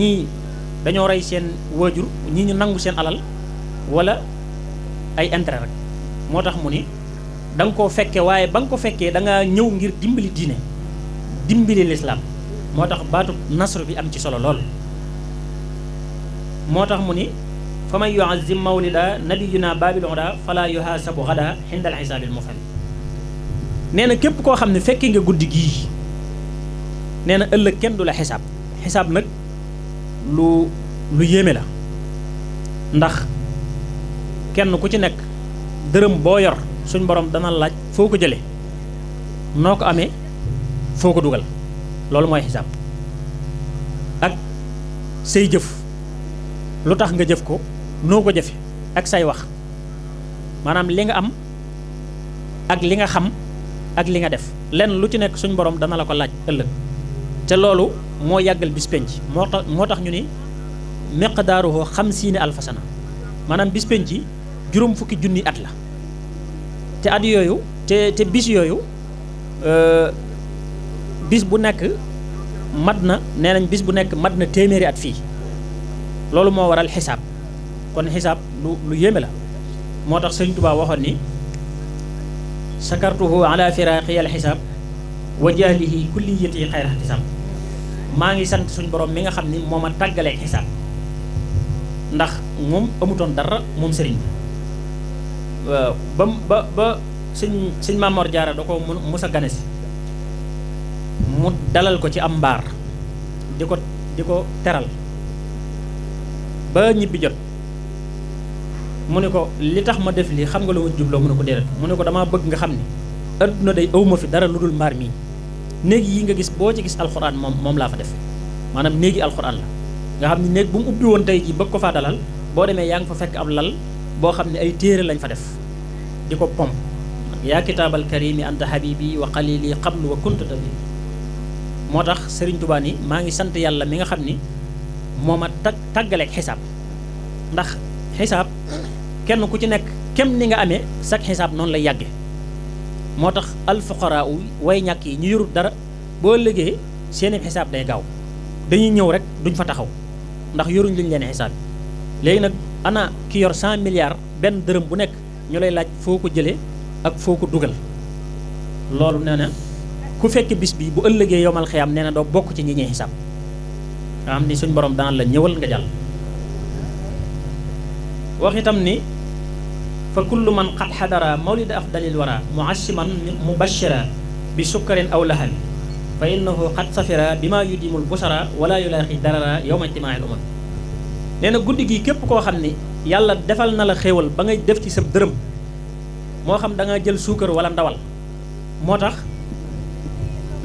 ñii dañoo rey seen waajur ñii ñu nangu seen alal wala ay intérêt rek moo tax mu ni danga nga koo fekkee waaye ba nga ko fekkee danga ñëw ngir dimbali diine dimbali lislaam moo tax baatu nasru bi am ci solo lool moo tax mu ni fa man yuazim mawlida nabiyuna babil oda sa yuhasabu xada xindal xisaabil mufal nee na képp koo xam ne fekkee nga guddi gii nee na ëllëg kenn du la xisaab xisaab nag lu lu yéeme la ndax kenn ku ci nekk dërëm boo yor suñ borom dana laaj foo ko jëlee noo ko amee foo ko dugal loolu mooy xisaab ak say jëf lu tax nga jëf ko noo ko jëfe ak say wax maanaam li nga am ak li nga xam ak li nga def lenn lu ci nekk suñ borom dana la ko laaj ëllëg te loolu moo yàggal bis penc moo tax moo tax ñu ni miqdaaruhu xamsiina alfa sana maanaam bis penc juróom fukki junni at la te at yooyu te te bis yooyu euh, bis bu nekk mat na nee nañ bis bu nekk mat na téeméeri at fii loolu moo waral xisaab kon xisaab lu lu yéeme la moo tax Sëriñ Tuubaa waxoon ni sakartuhu ala firaqi al xisaab wa jaalihi kulliyati xayra xisaab maa ngi sant suñu boroom mi nga xam ni moo ma tàggalee xisaab ndax moom amutoon dara moom sëriñ bi ba ba ba suñ suñ Mamor Diarra da ko mos a gane si mu dalal ko ci am mbaar di ko di ko teral ba ñibbi jot mu ne ko li tax ma def lii xam nga lu ma jubloo mu ne ko déedéet mu ne ko damaa bëgg nga xam ni adduna day awma fi dara lu dul mbaar mii néeg yi nga gis boo ci gis alxuraan moom moom laa fa def maanaam néegi alxuraan la nga xam ne néeg bu mu ubbi woon tey ji bëgg ko faa dalal boo demee yaa ngi fa fekk ab lal boo xam ne ay téere lañ fa def di ko pomp yaa kitaabal karimi anta habibi wa xalili xablu wa kunta tabi moo tax sëriñ Tuubaa ni maa ngi sant yàlla mi nga xam ni moo ma tag tàggaleeg xisaab ndax xisaab kenn ku ci nekk kem ni nga amee sag xisaab noonu lay yàgge moo tax alfuqaraa u way ñàkk yi ñu yorut dara boo liggéey seeni xisaab day gaaw dañuy ñëw rek duñ fa taxaw ndax yoruñ luñ leen xisaab yi léegi nag ana ki yor 100 milliards benn dërëm bu nekk ñu lay laaj foo ko jëlee ak foo ko dugal loolu nee na ku fekk bis bi bu ëllëgee yomal xiyam nee na doo bokk ci ñi ñuy xisaab nga xam ni suñ borom daan la ñëwal nga jàll wax itam ni fa kullu man qad xadara mawlida afdalil wara muasiman mubashira bi sukkarin aw lahabi fa innahu qad safira bi maa yudimul busara wala yulaqi darara yowma ijtimail umam nee na guddi gi képp koo xam ni yàlla defal na la xéewal ba ngay def ci sa dërëm moo xam da jël suukar wala ndawal moo tax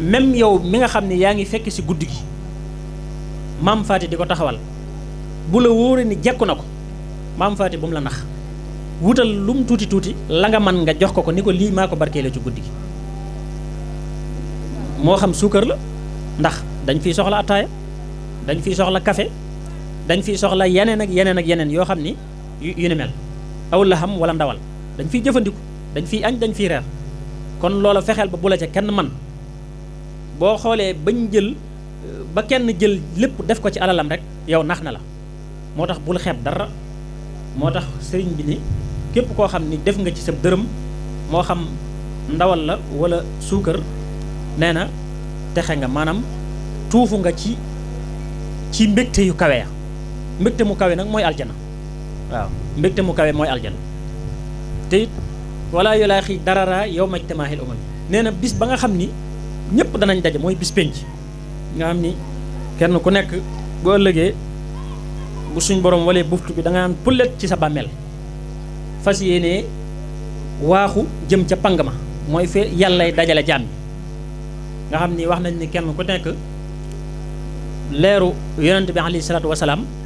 même yow mi nga xam ni yaa ngi fekk si guddi gi maam faati di ko taxawal bu la wóore ni jekku na ko maam faati bu mu la nax wutal lum tuuti tuuti la nga mën nga jox ko ko ni ko lii maa ko barkeele ci guddi gi moo xam suukar la ndax dañ fiy soxla attaaya dañ fiy soxla kafe dañ fiy soxla yeneen ak yeneen ak yeneen yoo xam ni yu ni mel aw la xam wala ndawal dañ fiy jëfandiku dañ fi añ dañ fi reer kon loola fexeel ba bu la ca kenn man boo xoolee bañ jël ba kenn jël lépp def ko ci alalam rek yow nax na la moo tax bul xeeb dara moo tax sëriñ bi ni képp koo xam ni def nga ci sa dërëm moo xam ndawal la wala suukar nee na texe nga maanaam tuufu nga ci ci mbégte yu kawe ya mbégte mu kawe nag mooy aljana waaw mbégte mu kawe mooy aljana te it wala yolaaxi darara yow maj tamaahil umam nee na bis ba nga xam ni ñëpp danañ daje mooy bis penc nga xam ni kenn ku nekk bu ëllëgee bu suñ borom walee buftu bi da nga naan pullet ci sa bàmmeel fas yéenee waaxu jëm ca pang ma mooy fe yàllay dajale jaam yi nga xam ni wax nañ ni kenn ku nekk leeru yonent bi alayhi salaatu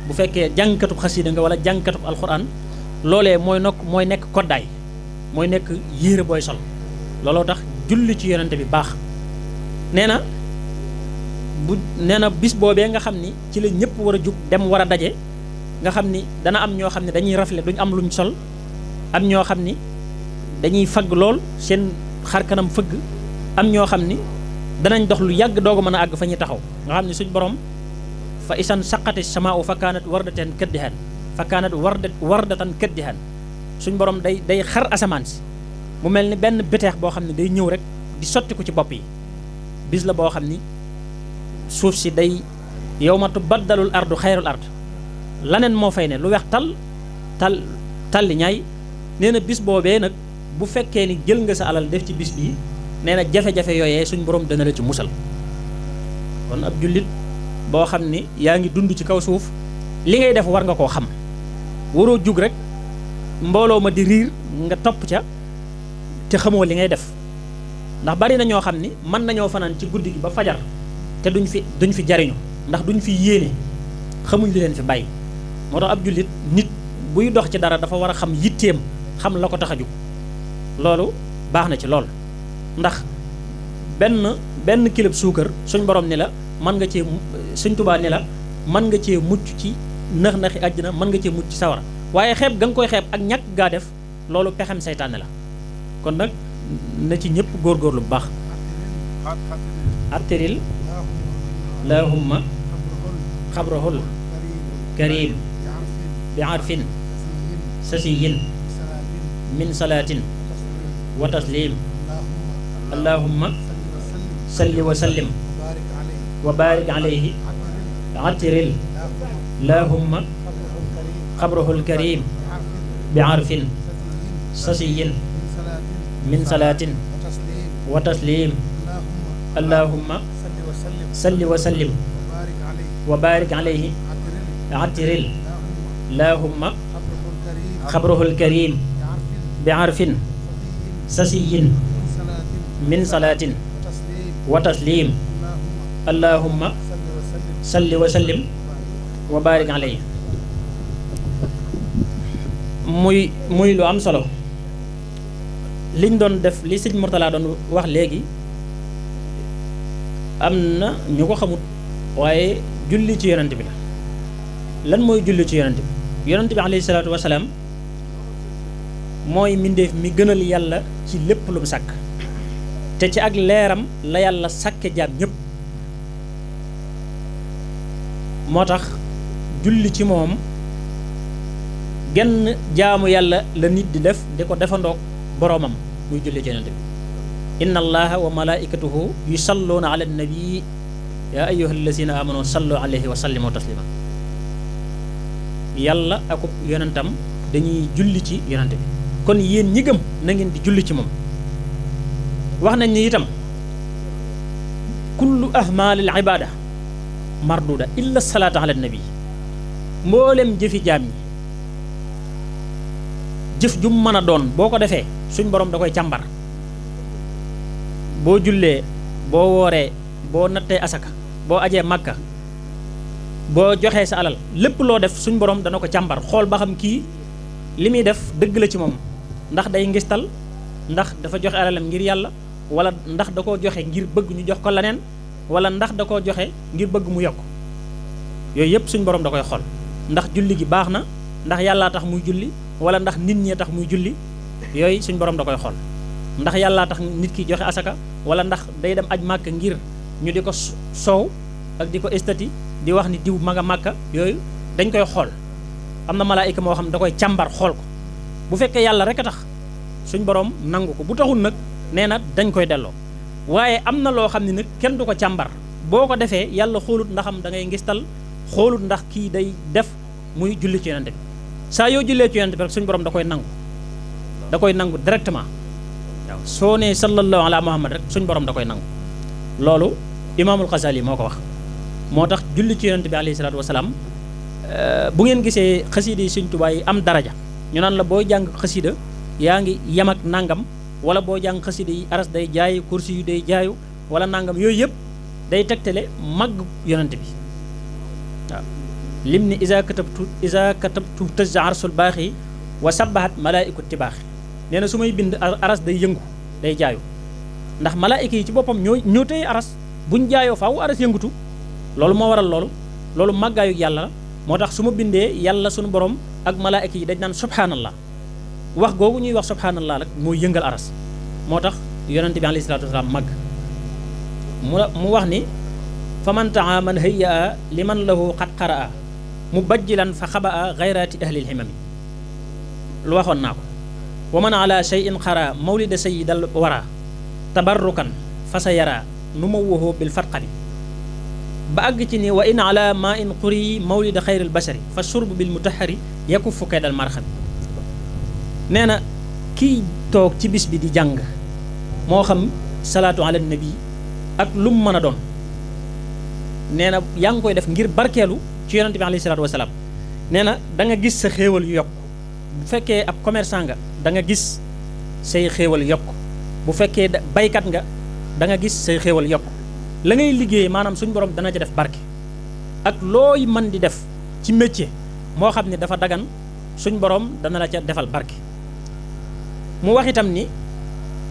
bu fekkee jànkatub xasida nga wala jànkatub alxuraan loolee mooy nokk mooy nekk koddaay mooy nekk yére booy sol looloo tax julli ci yonent bi baax nee na bu nee na bis boobee nga xam ni ci la ñëpp war a jug dem war a daje nga xam ni dana am ñoo xam ne dañuy rafle duñ am luñ sol am ñoo xam ni dañuy fagg lool seen xar kanam fëgg am ñoo xam ni danañ dox lu yàgg doog a mën a àgg fa ñuy taxaw nga xam ni suñ borom fa isan saqati samaau fa kaanat wardatan kaddihan fa kaanat warda wardatan kaddihan suñ borom day day xar asamaan si mu mel ni benn béteex boo xam ne day ñëw rek di sotti ko ci bopp yi bis la boo xam ni suuf si day yawma tubaddalul ardu xayrul ard laneen moo fay ne lu weex tal tal talli ñaay nee na bis boobee nag bu fekkee ni jël nga sa alal def ci bis bii nee na jafe-jafe yooyee suñ borom dana la ci musal kon ab jullit boo xam ni yaa ngi dund ci kaw suuf li ngay def war nga koo xam waroo jug rek mbooloo ma di riir nga topp ca te xamoo li ngay def ndax bari na ñoo xam ni mën nañoo fanaan ci guddi gi ba fajar te duñ fi duñ fi jariñu ndax duñ fi yéene xamuñ li leen fi bàyyi moo tax ab jullit nit buy dox ci dara dafa war a xam yitteem xam la ko tax a jóg loolu baax na ci lool ndax benn benn kilib suukar suñ boroom ni la mën nga cee suñ tubaa ni la mën nga cee mucc ci nax-naxi àddina mën nga cee mucc ci sawara waaye xeeb ga nga koy xeeb ak ñàkk gaa def loolu pexem seytaane la kon nag na ci ñëpp góorgóorlu bu baax attiril lahumma xabrahul karim bi arfin sasiyin min salaatin wa taslim allahumma salli wa sallim wa barik alayhi atiril lahumma xabrahul karim bi arfin sasiyin min salaatin wa taslim allahumma salli wa sallim wa barik alayhi atiril lahumma xabrahul karim bi arfin sasiyin min salaatin wa tasliim allahumma salli wa sallim wa baarik aley muy muy lu am solo liñ doon def li sëñ Mourtala doon wax léegi am na ñu ko xamut waaye julli ci yonent bi la lan mooy julli ci yonent bi yonent bi aleyhi salaatu wa salaam mooy mbindeef mi gënal yàlla ci lépp lu mu sàkk te ci ak leeram la yàlla sàkke jaam yépp moo tax julli ci moom genn jaamu yàlla la nit di def di ko defandoog boroomam muy julli ci yonent bi inna allaha wa malaikatahu yusalluuna ala nabi yaa ayyuha allazina amanu sallu alayhi wa sallimu taslima yàlla akub yonentam dañuy julli ci yonent bi kon yéen ñi gëm na di julli ci moom wax nañ ni itam kullu ahmaalil ibaada marduda illa salaatu na nabi mboolem jëfi jaam ñi jëf jum mën a doon boo ko defee suñ borom da koy càmbar boo jullee boo wooree boo nattee asaka boo ajee màkka boo joxee sa alal lépp loo def suñ borom dana ko càmbar xool ba xam kii li muy def dëgg la ci moom ndax day ngistal ndax dafa joxe alalam ngir yàlla wala ndax da koo joxe ngir bëgg ñu jox ko leneen wala ndax da koo joxe ngir bëgg mu yokk yooyu yëpp suñ borom da koy xool ndax julli gi baax na ndax yàllaa tax muy julli wala ndax nit ñee tax muy julli yooyu suñ borom da koy xool ndax yàllaa tax nit ki joxe asaka wala ndax day dem aj màkk ngir ñu di ko soow ak di ko estati di wax ni diw ma nga màkka yooyu dañ koy xool am na malaayika moo xam da koy càmbar xool ko bu fekkee yàlla rek a tax suñ borom nangu ko bu taxul nag nee na dañ koy delloo waaye am na loo xam ne nag kenn du ko càmbar boo ko defee yàlla xoolut ndaxam da ngay ngistal xoolut ndax kii day def muy julli ci yonente bi saa yoo jullee ci yonente bi rek suñu borom da koy nangu da koy nangu directement soo nee sallallahu ala muhammad rek suñ borom da koy nangu loolu imaamul Xasali moo ko wax moo tax julli ci yonente bi alayhi salaatu wasalaam euh, bu ngeen gisee xasiida yi suñ tubaay yi am daraja ñu naan la booy jàng xasiida yaa ngi yem nangam wala boo jàng xasida yi aras day jaay kursi yu day jaayu wala nangam yooyu yëpp day tegtale màgg yonent bi waaw lim ni isa katabtu isa katabtu tëj arsul baax yi wa sabbahat malaa'iku tibaax nee na su may bind aras day yëngu day jaayu ndax malaayika yi ci boppam ñoo ñoo téye aras buñ jaayoo faaw aras yëngatu loolu moo waral loolu loolu màggaayu yàlla la moo tax su ma bindee yàlla sunu borom ak malaayika yi dañ naan subhaanallah wax googu ñuy wax subhaanallaa rek mooy yëngal aras moo tax yonente bi alayhi salaatu wasalaam mu mu wax ni fa man taa man hëyya a li man lahu xat xara mu bajjilan fa xaba a xayraati ahlil ximami lu waxoon naa ko wa man ala cheyin xara mawlida sayidal wara tabarrukan fa sa yara nu ma waxoo bil fatxali ba àgg ci ni wa in ala ma in quri mawlida xayril bashari fa shurb bil mutahari yakufu kaydal marxami nee na kiy toog ci bis bi di jàng moo xam salaatu ala nabi ak lu mu mën a doon nee na yaa ngi koy def ngir barkeelu ci yonent bi alayhi salaatu wasalaam nee na da nga gis sa xéewal yokk bu fekkee ab commerçant nga danga gis say xéewal yokk bu fekkee baykat nga da gis say xéewal yokk la ngay liggéey maanaam suñ borom dana ci def barke ak looy man di def ci métier moo xam ne dafa dagan suñ borom dana la ca defal barke mu wax itam ni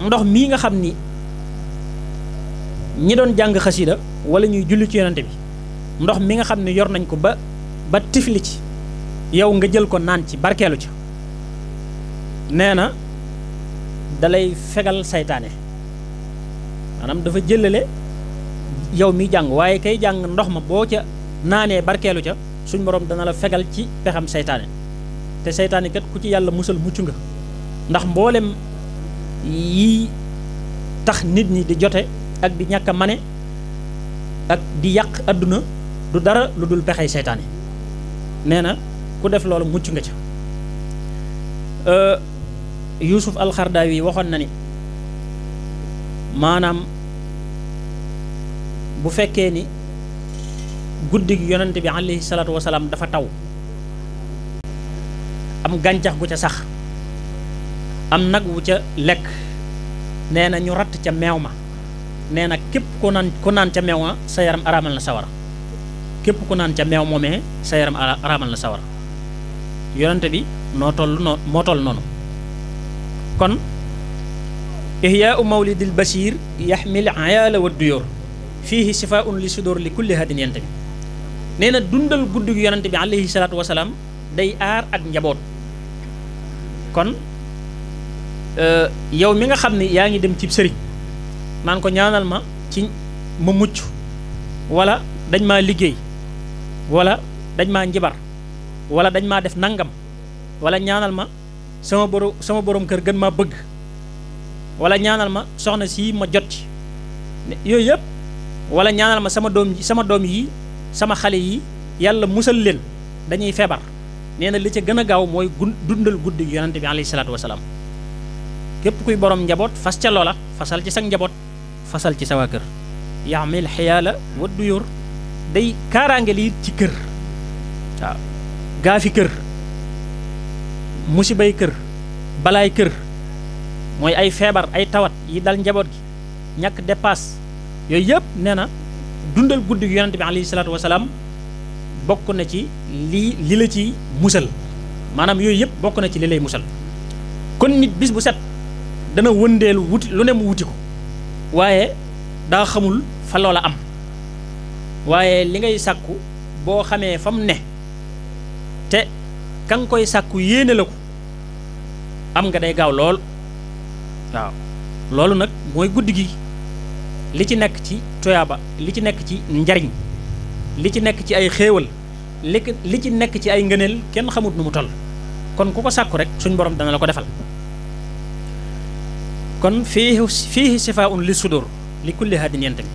ndox mii nga xam ni ñi doon jàng xasida wala ñuy julli ci yonante bi ndox mi nga xam ne yor nañ ko ba ba tifli ci yow nga jël ko naan ci barkeelu ca nee na dalay fegal seytaane maanaam dafa jëlale yow mi jàng waaye kay jàng ndox ma boo ca naanee barkeelu ca suñ borom dana la fegal ci pexam seytaane te saytaane kat ku ci yàlla musal mucc nga ndax mboolem yi tax nit ñi di jote ak di ñàkk a mane ak di yàq àdduna du dara lu dul pexey seytaane nee na ku def loolu mucc nga ca Yuusuf alxardaawi waxoon na ni maanaam bu fekkee ni guddi gi yonent bi alayhi salaatu wasalaam dafa taw am gàncax gu ca sax am nag wu ca lekk nee na ñu ratt ca meew ma nee na képp ku naan ku naan ca meew ma sa yaram araamal na sawara képp ku naan ca meew moomee sa yaram araamal na sawara yonente bi noo toll noo moo toll noonu kon ihyaau mawlidil bashir yaxmil ayaala wa duyoor fiihi shifaun li sudoor li kulli hadin yonente bi nee na dundal guddi gi bi alayhi wasalaam day aar ak njaboot kon Euh, yow mi nga xam ni yaa ngi dem ci sëriñ naan ko ñaanal ma ci ma mucc wala dañ maa liggéey wala dañ maa njibar wala dañ maa def nangam wala ñaanal ma sama borom sama borom kër gën maa bëgg wala ñaanal ma soxna si ma jot ci yooyu yëpp wala ñaanal ma sama doom sama doom yi sama xale yi yàlla musal leen dañuy feebar nee na li ca gën a gaaw mooy gun dundal guddi yonente bi alayhi salaatu wasalaam képp kuy borom njaboot fas ca loola fasal ci sa njaboot fasal ci kër sa waa kër yaxmil xiyaala waddu yor day kaaraange li ci kër waaw gaafi kër musibay kër balaay kër mooy ay feebar ay tawat yi dal njaboot gi ñàkk dépasse yooyu yëpp nee na dundal guddi gi yonent bi alayhi wasalaam bokk na ci lii li la ci musal maanaam yooyu yëpp bokk na ci li lay musal kon nit bis bu set dana wëndeelu wuti lu ne mu wuti ko waaye daa xamul fa loola am waaye li ngay sàkku boo xamee fa mu ne te ka koy sàkku yéene la ko am nga day gaaw lool waaw loolu nag mooy guddi gi li ci nekk ci toyaaba li ci nekk ci njariñ li ci nekk ci ay xéewal li li ci nekk ci ay ngëneel kenn xamut nu mu toll kon ku ko sàkku rek suñ borom dana la ko defal kon fii fii sifaa un li sudur li kulli haadin yantami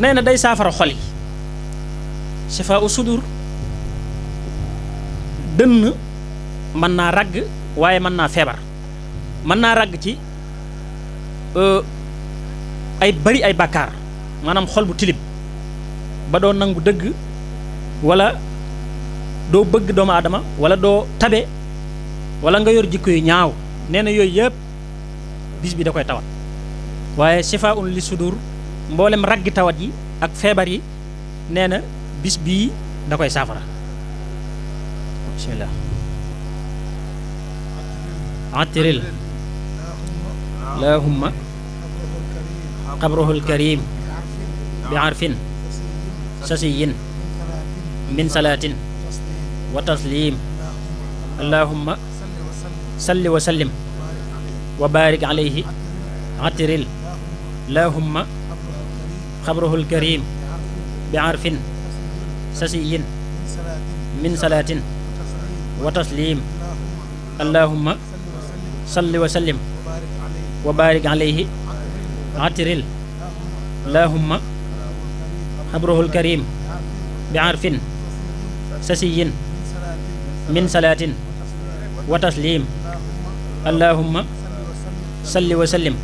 nee na day saafara xol yi sifaa u sudur dënn mën naa ragg waaye mën naa feebar mën naa ragg ci euh, ay bari ay bàkkaar maanaam xol bu tilim ba doo nangu dëgg wala doo bëgg doomu aadama wala doo tabe wala nga yor jikko yu ñaaw nee na yooyu yëpp bis bi da koy tawat waaye shifaa un li sudur mboolem raggi tawat yi ak feebar yi nee na bis bii da koy saafara bismillah atiril lahumma qabruhul karim bi arfin sasiyin min salaatin wa taslim allahumma salli wa sallim wa baarik alayhi atiril lahumma xabrahul karim bi arfin sasiyin min salaatin wa taslim allahumma salli wa sallim wa baarik alayhi atiril lahumma xabrahul karim bi arfin sasiyin min salaatin wa taslim allahumma salli wa sallim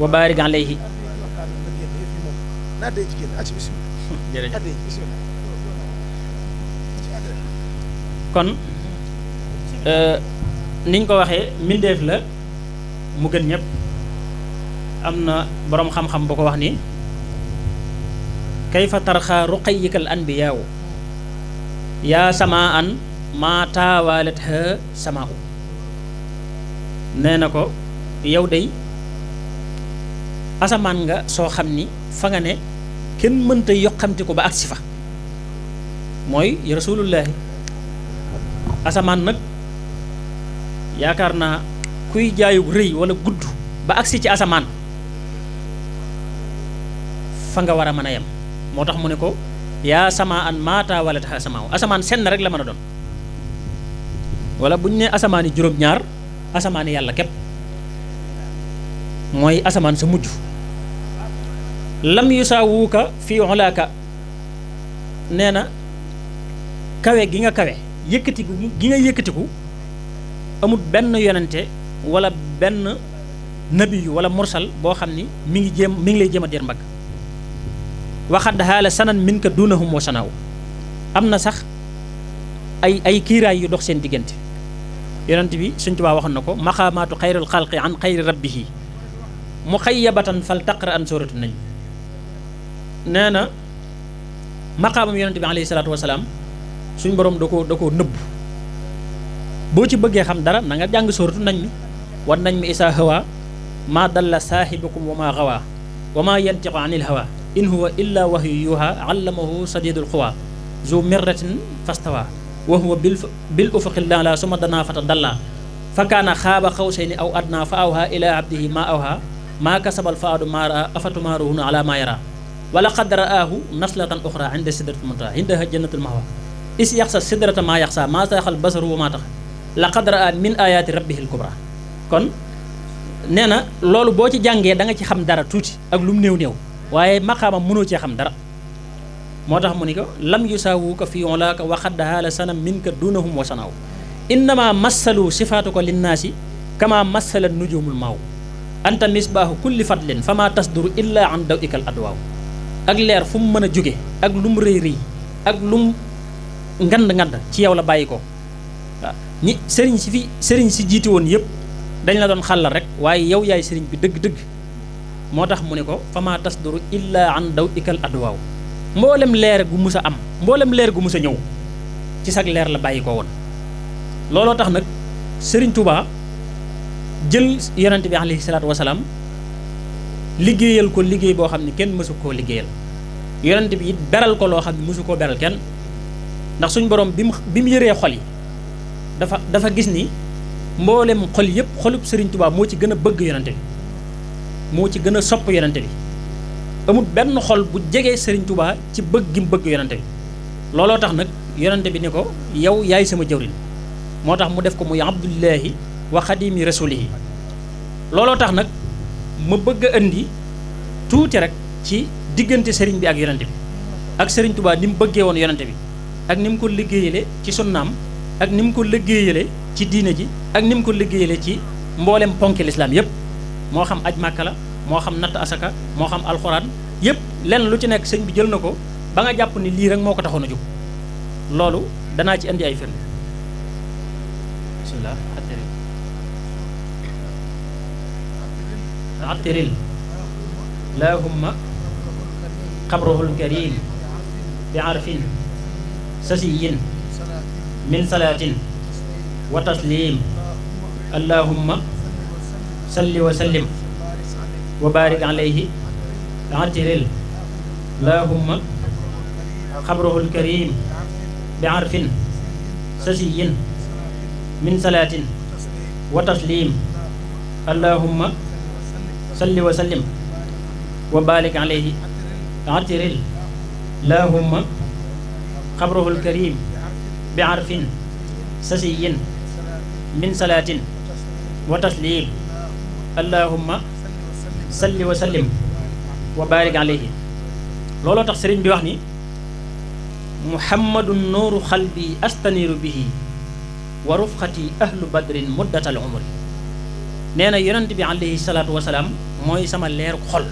wa baarik alayhi kon euh, niñ ko waxee mbindeef la mu gën ñëpp am na boroom xam-xam bu ko wax ni kayfa tarxaa bi anbiyaawu yaa samaan maa taawalat ha samaa u nee ko yow day asamaan nga soo xam ni fa nga ne kenn mënta yoqamti ko ba agsi fa mooy rasulullahi asamaan nag yaakaar naa kuy jaayug rëy wala gudd ba agsi ci asamaan fa nga war a mën a yem moo tax mu ne ko yaa sama an maata wala tax asamaaw asamaan senn rek la mën a doon wala bu ñu nee asamaani juróom-ñaar asamaani yàlla képp mooy asamaan sa mujj lam yu saa wuuka fii xolaaka nee na kawe gi nga kawe yëkkatiku gi nga yëkkatiku amul benn yonente wala benn nabi yu wala mursal boo xam ni mi ngi jéem mi ngi lay jéem a dir mbagg waxad xaala sanan min ka duunahum wa sanaaw am na sax ay ay kiiraay yu dox seen diggante yonent bi Sëñ Tuubaa waxoon na ko maxamaatu xayril xalqi an xayri rabbihi mu xayyabatan fal taqra an suuratu najm nee na maqaamam yonente bi alayhi suñ borom da koo da koo nëbb boo ci bëggee xam dara na nga jàng suuratu najm wan najmi isaa hawa maa dalla saaxibukum wa maa xawaa wa maa yantiqu anil hawa in huwa illa waxyu yuuha allamahu sadidul quwa zu mirratin fastawa huwa bil bil ufuqil a'laa summa danaa fatadallaa fa kaana xaaba xawsayni aw adnaa fa awhaa ilaa abdihi maa awhaa maa kasabal faadu maara afatumaaruhunu ala maa yara wala xad raahu naslatan oxra inda sidratil muntaha indaha jannatul is yaxsa sidrata maa yaxsa maa saaxal basaru wa maa tax la xad raa min ayaati rabbihil kubra kon nee na loolu boo ci jàngee da nga ci xam dara tuuti ak lu mu néew néew waaye maqaamam mënoo cee xam dara moo tax mu ni ko lam yusaawuka fi ulaaka wa xad haala sanam minka dunahum wa sanaaw innama massalu sifaatuka linnaasi kama massala nujumul maaw anta misbaahu kulli fadlin fama tasduru illa an daw ikal adwaaw ak leer fu mu mën a jóge ak lu mu rëy rëy ak lu mu ngand ngand ci yow la bàyyi ko waaw sëriñ si fi sëriñ si jiiti woon yëpp dañ la doon xàllal rek waaye yow yaay sëriñ bi dëgg-dëgg moo tax mu ne ko fama tasduru illa an daw ikal adwaaw mboolem leer gu mus a am mboolem leer gu mus a ñëw ci sag leer la bàyyi ko woon looloo tax nag sëriñ Touba. jël yonent bi alayhi salaatu wasalaam liggéeyal ko liggéey boo xam ne kenn mësu koo liggéeyal yonante bi it beral ko loo xam ne mësu koo beral kenn ndax suñ borom bi mu bi mu yëree xol yi dafa dafa gis ni mboolem xol yëpp xolub Serigne Touba moo ci gën a bëgg yonent bi moo ci gën a sopp yonent bi amul benn xol bu jege sëriñ tubaa ci bëgg gi mu bëgg yonent bi looloo tax nag yonent bi ni ko yow yaay sama jawrin moo tax mu def ko muy Abdullahi wa xadimi rasulihi looloo tax nag ma bëgg a indi tuuti rek ci diggante sëriñ bi ak yonente bi ak sëriñ Tuubaa ni mu bëggee woon yonente bi ak ni mu ko liggéeyale ci sunnaam ak ni mu ko liggéeyale ci diine ji ak ni mu ko liggéeyale ci mboolem ponki lislaam yépp moo xam aj màkka la moo xam natt asaka moo xam alxuraan yépp lenn lu ci nekk sëñ bi jël na ko ba nga jàpp ni lii rek moo ko taxoon a jóg loolu danaa ci indi ay firnde bismillah عطر اللهم قبره الكريم بعرف سسي من صلاة وتسليم اللهم صل وسلم وبارك عليه عطر اللهم قبره الكريم بعرف سسي من صلاة وتسليم اللهم salli wa sallim wa baalik alayhi atiril lahumma xabruhul karim bi arfin sasiyin min salaatin wa taslim allahumma salli wa sallim wa barik alayhi looloo tax sëriñ bi wax ni muhammadun nuuru xalbi astaniru bihi wa rufqati ahlu badrin muddatal umri nee na yonent bi alayhi salaatu wasalaam mooy sama leeru xol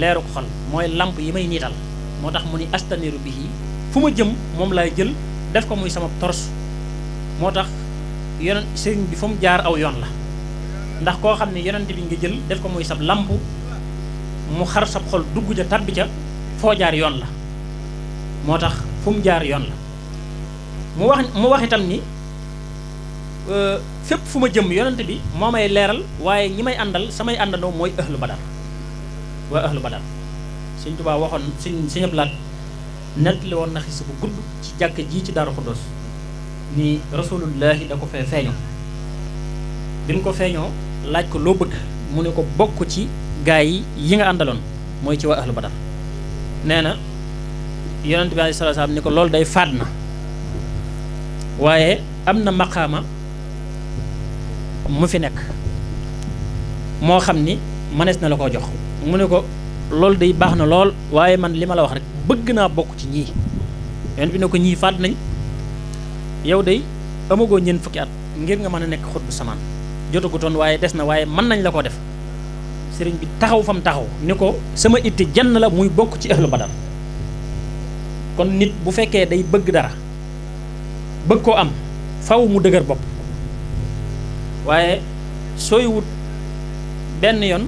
leeru xol mooy làmp yi may niital moo tax mu ni astaniru bii fu ma jëm moom laay jël def ko muy sama tors moo tax yonent bi mu jaar aw yoon la ndax koo xam ne yonent bi nga jël def ko muy sab lamp mu xar sab xol dugg ca tarbi ca foo jaar yoon la moo tax fu mu jaar yoon la mu wax mu wax ni Euh, fépp fu ma jëm yonent bi moo may leeral waaye ñi may àndal samay àndandoo mooy ahlu badar waa ahlu badar sëñ Tuubaa waxoon sëñ sëñ Ablaat nettali woon na xis bu gudd ci jàkk ji ci Daaru Xuddoos ni rasulullahi da ko fee feeñoo bi mu ko feeñoo laaj ko loo bëgg mu ne ko bokk ci gaa yi yi nga àndaloon mooy ci waa ahlu badar nee na yonent bi alayhi salaam ni ko loolu day faat na waaye am na maqaama mu fi nekk moo xam ni mënees na la koo jox mu ne ko loolu day baax na lool waaye man li ma la wax rek bëgg naa bokk ci ñii yonent bi ne ko ñii faat nañ yow day amagoo ñeent fukki at ngir nga mën a nekk xut bu samaan jotagu waaye des na waaye mën nañ la ko def sëriñ bi taxaw fam taxaw ni ko sama itti jenn la muy bokk ci ahlu badar kon nit bu fekkee day bëgg dara bëgg koo am faw mu dëgër bopp waaye sooy wut benn yoon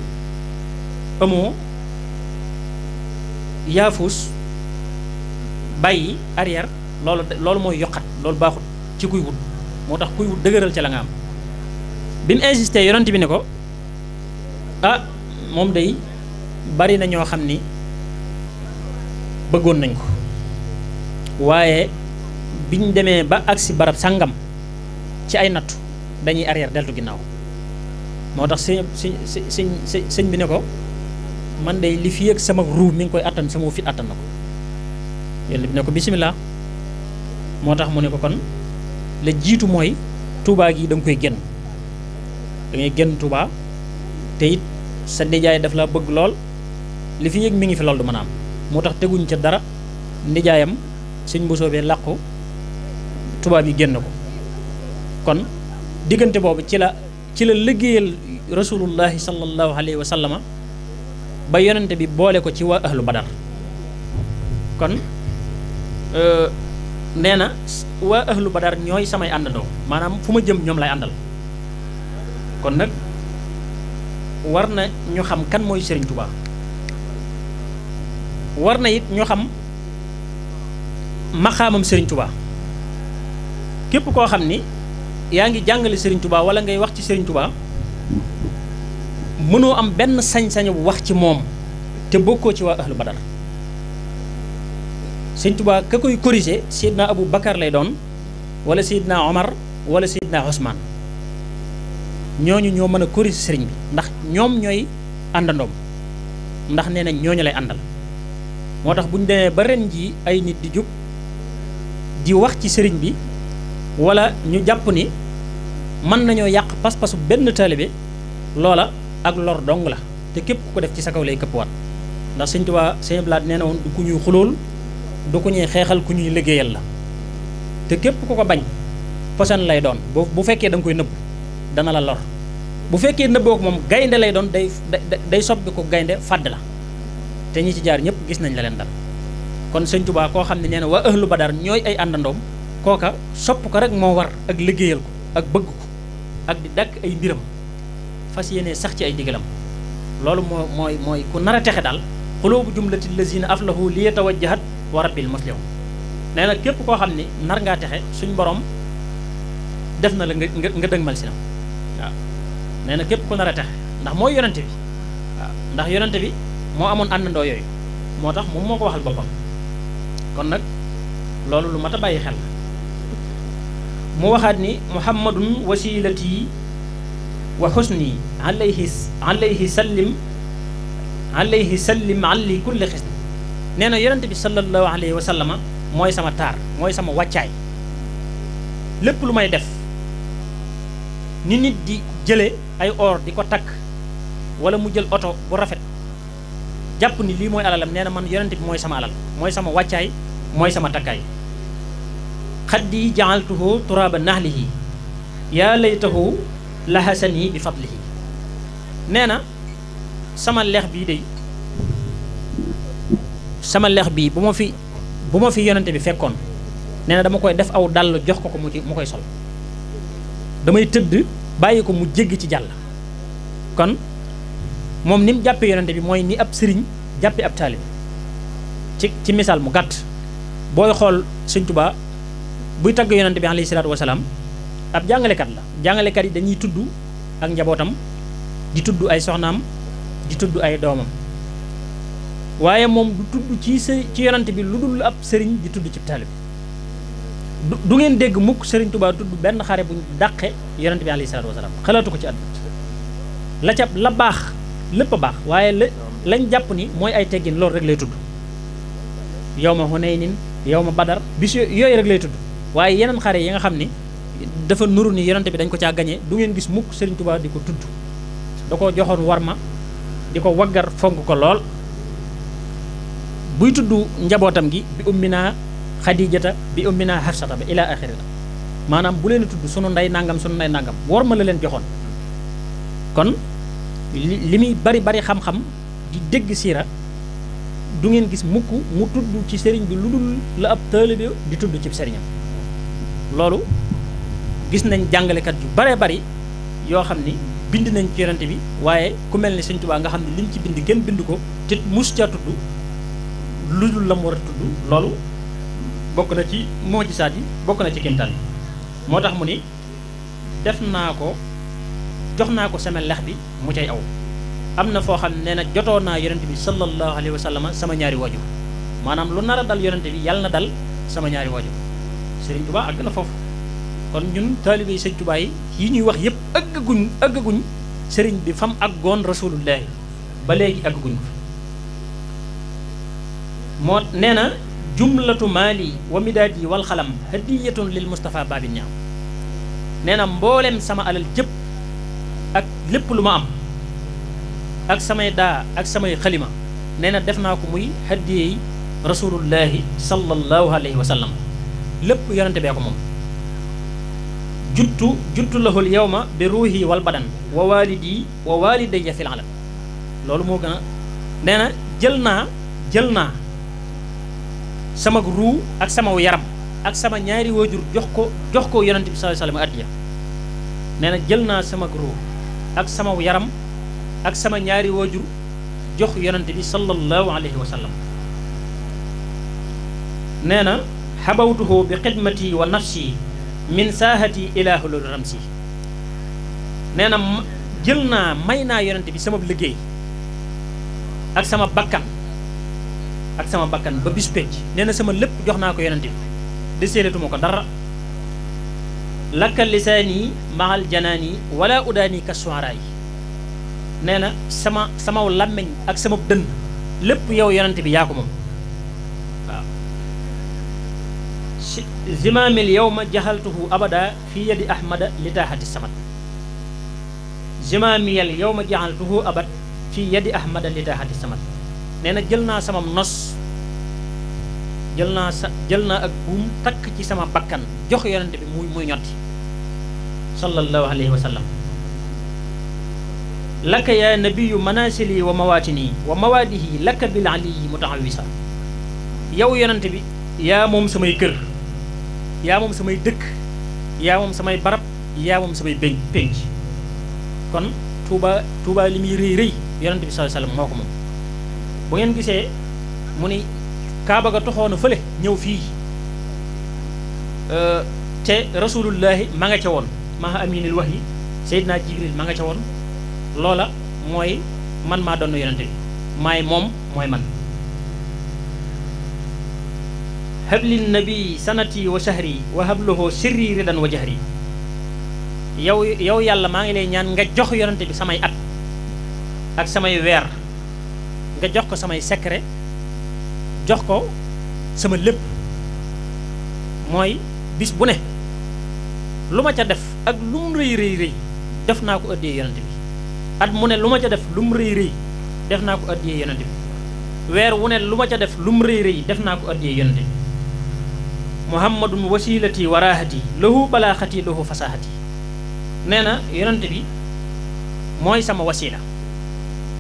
amoo yaafuus bàyyi arrière loolu mooy yokkat loolu baaxut ci kuy wut moo tax kuy wut dëgëral ca la nga am bi mu insisté yonent bi ne ko ah moom day bari na ñoo xam ni bëggoon nañ ko waaye biñ demee ba agsi barab sàngam ci ay nattu dañuy arrière deltu ginnaaw moo tax sëñ sëñ sëñ bi ne ko man de li fi yéeg sama ruu mi ngi koy àttan sama fit attan na ko yonent bi ne ko bisimilah moo tax mu ne ko kon la jiitu mooy Touba gi da koy génn da ngay génn Touba te sa nijaay daf la bëgg lool li fi yëg mi ngi fi lool du mën a am moo tax teguñ ca dara nijaayam sëñ bu soobee làqu tubaab yi génn ko kon diggante boobu ci la ci la liggéeyal rasulullahi sallallahu alayhi wa sallama ba yonente bi boole ko ci waa ahlu badar kon euh, nee na waa ahlu badar ñooy samay àndandoo maanaam fu ma jëm ñoom lay àndal kon nag war na ñu xam kan mooy Sëriñ Tuubaa war na it ñu xam maxaamam Sëriñ Tuubaa képp koo xam ni yaa ngi jàngale Serigne Touba wala ngay wax ci Serigne Touba mënoo am benn sañ-sañu wax ci moom te bokkoo ci waa ahlu badar Serigne Touba ka koy corriger Seydina Abou Bakar lay doon wala Seydina Omar wala Seydina ñooñu ñoo mën a corriger Serigne bi ndax ñoom ñooy àndandoom ndax nee nañ ñooñu lay àndal moo tax bu ñu demee ba ren jii ay nit di jub di wax ci sëriñ bi. wala ñu jàpp ni mën nañoo yàq pas-pasu benn taalibe loola ak lor dong la te képp ku ko def ci sa kaw lay këppwaat ndax sëñtuwaa Tuubaa nee na woon du ku ñuy xulool du ku ñuy xeexal ku ñuy liggéeyal la te képp ku ko bañ posen lay doon bu fekkee da koy nëbb dana la lor bu fekkee nëbboo ko moom gaynde lay doon day day soppi ko gaynde fàdd la te ñi ci jaar ñëpp gis nañ la leen dal kon sëñ Tuubaa koo xam ne nee na waa ahlu badar ñooy ay àndandoom kooka sopp ko rek moo war ak liggéeyal ko ak bëgg ko ak di dàkk ay mbiram fas yéene sax ci ay digalam loolu moo mooy mooy ku nar a texe daal bu xuloobu jumlatil lazina aflahu li war a rabbil muslimin nee na képp koo xam ne nar ngaa texe suñ borom def na la nga nga dëgmal si na waaw nee na képp ku nar a texe ndax mooy yonente bi waaw ndax yonente bi moo amoon àndandoo yooyu moo tax moom moo ko waxal boppam kon nag loolu lu mat a bàyyi xel mu waxaat ni muhammadun wasilati wa xusni alayhi alayhi sallim alayhi sallim alli kulli xisn nee na yonent bi sallallahu alayhi wa sallama mooy sama taar mooy sama wàccaay lépp lu may def ni nit di jële ay or di ko takk wala mu jël oto bu rafet jàpp ni lii mooy alalam nee na man yonent bi mooy sama alal mooy sama wàccaay mooy sama takkaay xaddi jaaltuhu turaaba nahlihi yaa laytahu lahasani bi fadlihi nee na sama leex bii day sama lex bii bu ma fi bu ma fi yonente bi fekkoon nee na dama koy def aw dàll jox ko ko mu ci mu koy sol damay tëdd bàyyi ko mu jéggi ci jàll kon moom ni mu jàppee yonente bi mooy ni ab sëriñ jàppee ab taalib ci ci misaal mu gàtt booy xool Sëñ Tuubaa buy tagg yonante bi alayhi salaatu wasalaam ab jàngalekat la jàngalekat yi dañuy tudd ak njabootam di tudd ay soxnaam di tudd ay doomam waaye moom du tudd ci sa ci yonante bi lu dul ab sëriñ di tudd ci taalib bi du du ngeen dégg mukk sëriñ Tuubaa tudd benn xare bu dàqe yonante bi alayhi salaatu xalaatu ko ci àdduna la ca la baax lépp a baax waaye la lañ jàpp ni mooy ay teggin loolu rek lay tudd yow ma Hunaynin yow ma Badar bis yooyu rek lay tudd waaye yeneen xare yi nga xam ni dafa nuru ni yonante bi dañ ko caa gañee du ngeen gis mukk Serigne Touba di ko tudd da ko joxoon war ma di ko waggar fonk ko lool buy tudd njabootam gi bi umminaa xadijata bi umminaa hafsata ba ila axiri maanaam bu leen tudd sunu ndey nangam sunu ndey nangam war ma la leen joxoon kon li muy bari bari xam-xam di dégg siira du ngeen gis mukk mu tudd ci sëriñ bi lu dul la ab taalibe di tudd ci sëriñam loolu gis nañ jàngalekat yu bare bari yoo xam ni bind nañ ci yonent bi waaye ku mel ni Sëñ Tuubaa nga xam ne liñ ci bind kenn bind ko te mus ca tudd lu dul la mu war a tudd loolu bokk na ci moo ci saat yi bokk na ci kéemtaan yi moo tax mu ni def naa ko jox naa ko sama lex bi mu cay aw am na foo xam nee na jotoo naa yonent bi sallallahu alayhi wa sama ñaari waajur maanaam lu nar a dal yonent bi yàlla na dal sama ñaari waajur Serigne Touba àgg na foofu kon ñun taalibe yi Serigne yi yi ñuy wax yëpp àggaguñ àggaguñ sëriñ bi fam ak àggoon rasulullahi ba léegi àggaguñ ko moo nee na jumlatu maali wa midaadi wal xalam hadiyatun lil Moustapha Babi Niang nee na mboolem sama alal jëpp ak lépp lu ma am ak samay daa ak samay xalima nee na def naa ko muy hadiyey rasulullahi sallallahu alayhi wa sallam lépp yonente bee ko moom juttu juttu lahul ma bi ruuhi wal badan wa walidi wa walidayya fil alam loolu moo gën a nee na jël naa jël naa sama ruu ak samaw yaram ak sama ñaari waajur jox ko jox ko yonente bi sallallahu alayhi wa na jël naa sama ruu ak samaw yaram ak sama ñaari waajur jox yonente bi sallallahu alayhi wa sallam nee habawtuhu bi xidmati wa nafsi min saahati ila hulul ramsi nee na jël naa may naa yonente bi sama liggéey ak sama bakkan ak sama bakkan ba bis penc nee na sama lépp jox naa ko yonente bi de ko dara lakka lisaani maxal janaani wala udaani ka suara yi nee na sama samaw làmmiñ ak sama dënn lépp yow yonente bi yaa ko moom zimaamil yow ma jaxaltuhu abada fi yadi ahmada litaaxati samat yow ma jaxaltuhu abad fi yadi ahmada litaaxati samat nee na jël naa sama nos jël naa sa jël naa ak buum takk ci sama bakkan jox yonent bi muy muy ñotti sallallahu alayhi wa sallam laka yaa nabiyu manasili wa mawaatini wa mawaadihi laka bil aliyi mutaawisa yow yonent bi yaa moom samay kër yaa moom samay dëkk yaa moom samay barab yaa moom samay béñ pénc kon Touba Touba li muy rëy rëy yonent bi sallallahu alayhi wasallam moo ko moom bu ngeen gisee mu ni Kaaba ga toxoon na fële ñëw fii euh, te rasulullahi ma nga ca woon maa aminil wax yi Seydina Jibril ma nga ca woon loola mooy man maa doon yonent bi maay moom mooy man hablin nabi sanati wa shahri wa habluhu sirri ridan wa jahri yow yow yàlla maa ngi lay ñaan nga jox yonante bi samay at ak samay weer nga jox ko samay secret jox ko sama lépp mooy bis bu ne lu ma ca def ak lu mu rëy rëy def naa ko ëddee yonante at mu ne lu ma ca def lu mu rëy rëy naa ko ëddee yonante bi weer wu ne lu ma ca def lu mu rëy rëy def naa ko ëddee yonante bi muhammadun wasilati wa raahati lahu balaaxati lahu fasaahati nee na yonante bi mooy sama wasila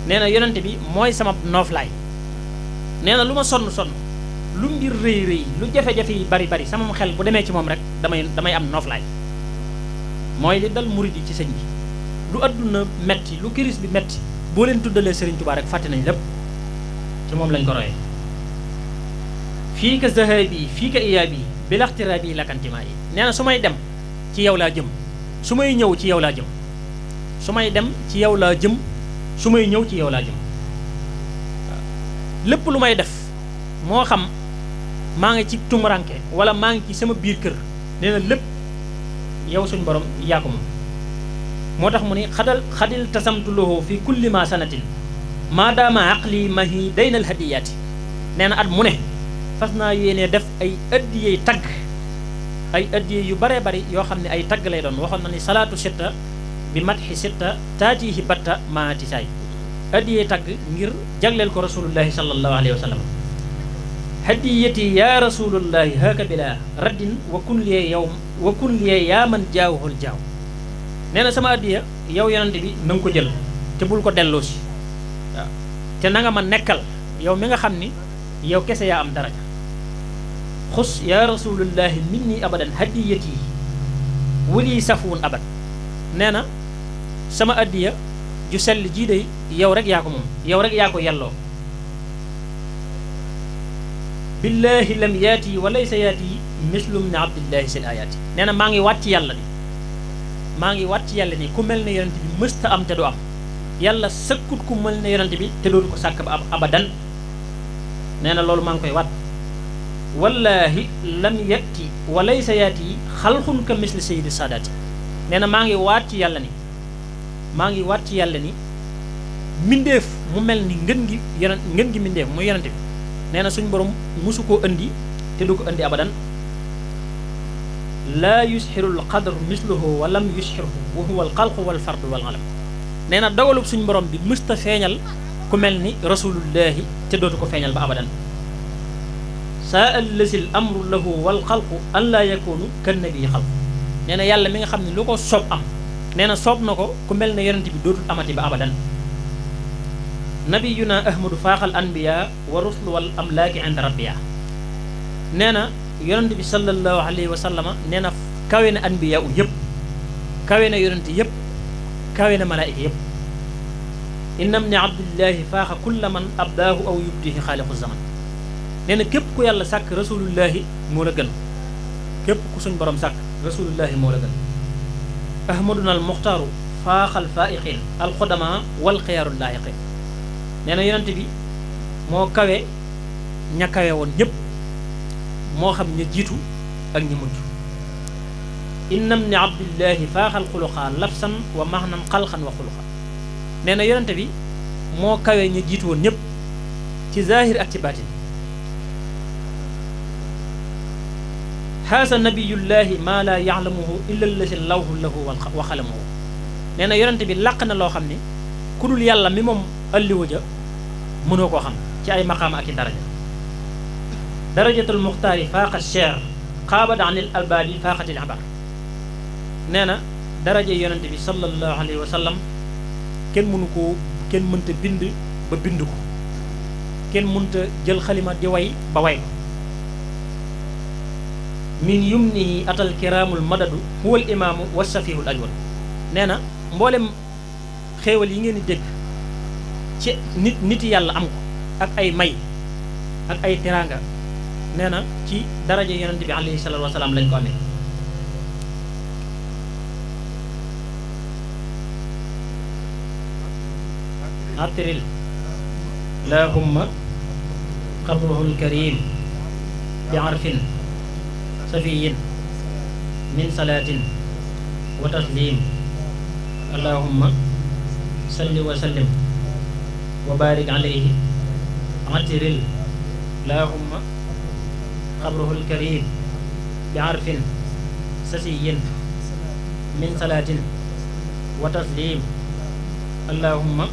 nee na yonante bi mooy sama nooflaay nee na lu ma sonn sonn lu mbir rëy rëy lu jafe-jafe yi bari bari sama xel bu demee ci moom rek damay damay am nooflaay mooy li dal murid yi ci sëñ bi lu adduna metti lu kiris bi metti boo leen tuddalee Serigne Touba rek fàtte nañ lépp ci moom lañ ko royee fii ka zahabi fii ka iyaabi bi laxtira bi lakkantimaa yi nee na su may dem ci yow laa jëm su may ñëw ci yow laa jëm su may dem ci yow laa jëm su may ñëw ci yow laa lépp lu may def moo xam maa ngi ci tumuraanke wala maa ngi ci sama biir kër nee lépp yow suñ borom yaa moo tax mu ni xadal xadil tasamtuloho fi kulli ma sanatin maadaama aqli mahi daynal hadiyaati nee at mu ne fas naa yéenee def ay addiyey tagg ay addiyey yu baree bari yoo xam ne ay tagg lay doon waxoon na ni salaatu sitta bi matxi sitta taatihi batta maati saay addiyey tagg ngir jagleel ko rasulullahi sallallahu alayhi wa sallam hadiyati yaa rasulullahi haaka bila raddin wa kun liee yow wa kun liee yaa man jaawhul jaaw nee na sama addiya yow yonante bi na ko jël te bul ko delloo si te na nga ma nekkal yow mi nga xam ni yow kese yaa am daraja xus yaa rasulullahi minni abadan hadiyati wali safuun abad nee na sama addiya ju sell jii yow rek yaa ko moom yow rek yaa ko yelloo billaahi lam yaati wa laysa yaati mislum ne abdillahi sil ayaati nee na maa ngi wàcc yàlla ni maa ngi wàcc yàlla ni ku mel ne yonent bi mësta am te du am yàlla sëkkut ku mel ne yonent bi te dootu ko sàkk ba abadan nee na loolu maa ngi koy wàtt wallaahi lam yatti walaysa yaati xalxun ka misli sayidi saadaati nee na maa ngi waat ci yàlla ni maa ngi waat ci yàlla ni mbindeef mu mel ni ngën gi yonent ngën gi bi nee na suñu borom mosu koo indi te du ko indi abadan laa yusxirul qadr misluhu wa lam yusxirhu wa huwa al xalqu wal fardu wal qalam nee na dogalub suñu borom bi mësta feeñal ku mel ni rasulullahi te dootu ko feeñal ba abadan saa allasil amru lahu wal xalqu an laa yakunu kan nabi xalqu yàlla mi nga xam ne lu ko soob am nee na soob na ko ku mel ne yonent bi dootul amati ba abadan nabiyuna ahmadu faaxal anbiya wa ruslu wal amlaaki inda rabbiya nee na yonent bi sallallahu alayhi wa sallama nee na kawe na anbiya u yëpp kawe na yonent yëpp kawe na malaayika yëpp kulla man abdaahu aw yubdihi xaaliqu zaman nee na képp ku yàlla sàkk rasulullahi moo la gën képp ku suñ borom sàkk rasulullahi moo la gën ahmaduna al muxtaaru faaxal faaiqin al xodama wal xiyaaru laayiqin nee na yonent bi moo kawe ña kawe woon ñëpp moo xam ña jiitu ak ña mujj innam ni abdillahi faaxal xuluqaa lafsan wa maxnan xalxan wa xuluqaa nee na bi moo kawe ña jiitu woon ñëpp ci zaahir ak ci baatin haasa nabiyullahi maa laa yaalamuhu illa allasi lawhu lahu wa xalamuhu nee na bi làq na loo xam ne ku yàlla mi moom alliwa ja mënoo koo xam ci ay maqaam ak i daraja darajatul muxtaari faaqa cher xaabat anil albaabi faaqatil abar nee na daraja yonente bi sallallahu alayhi wa kenn mënu koo kenn mënta bind ba bind ko kenn mënta jël xalima di way ba way min yumnihi atal kiraamul madadu huwal imaamu wa safiihul ajwal nee na mboolem xéewal yi ngeen di dégg ci nit nit yàlla am ko ak ay may ak ay teraanga nee na ci daraja yonente bi alayhi salaatu wa salaam lañ ko amee attiril lahumma qabruhul karim bi arfin safiyin min salaatin wa taslim allahumma salli wa sallim wa barik alayhi atiril lahumma qabruhu lkarim bi arfin sasiyin min salaatin wa taslim allahumma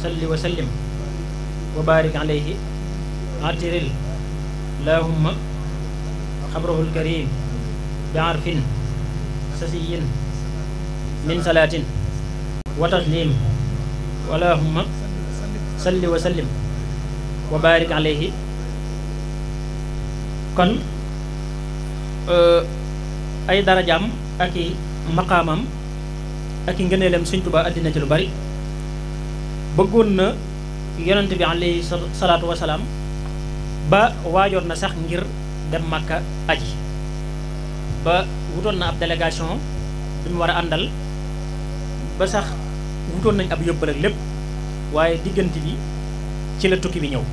salli wa sallim wa barik alayhi atiril lahumma xabrahul karim bi arfin sasiyin min salaatin wa taslim salli wa sallim alayhi kon ay darajam ak maqaamam ak i ngëneelam Sëñ àddina ci lu bari bëggoon na yonent bi alayhi salaatu wasalaam ba waajoon na sax ngir dem Makka aji ba wutoon na ab délégation bi mu war a àndal ba sax wutoon nañ ab yóbbal lépp waaye diggante bi ci la tukki bi ñëw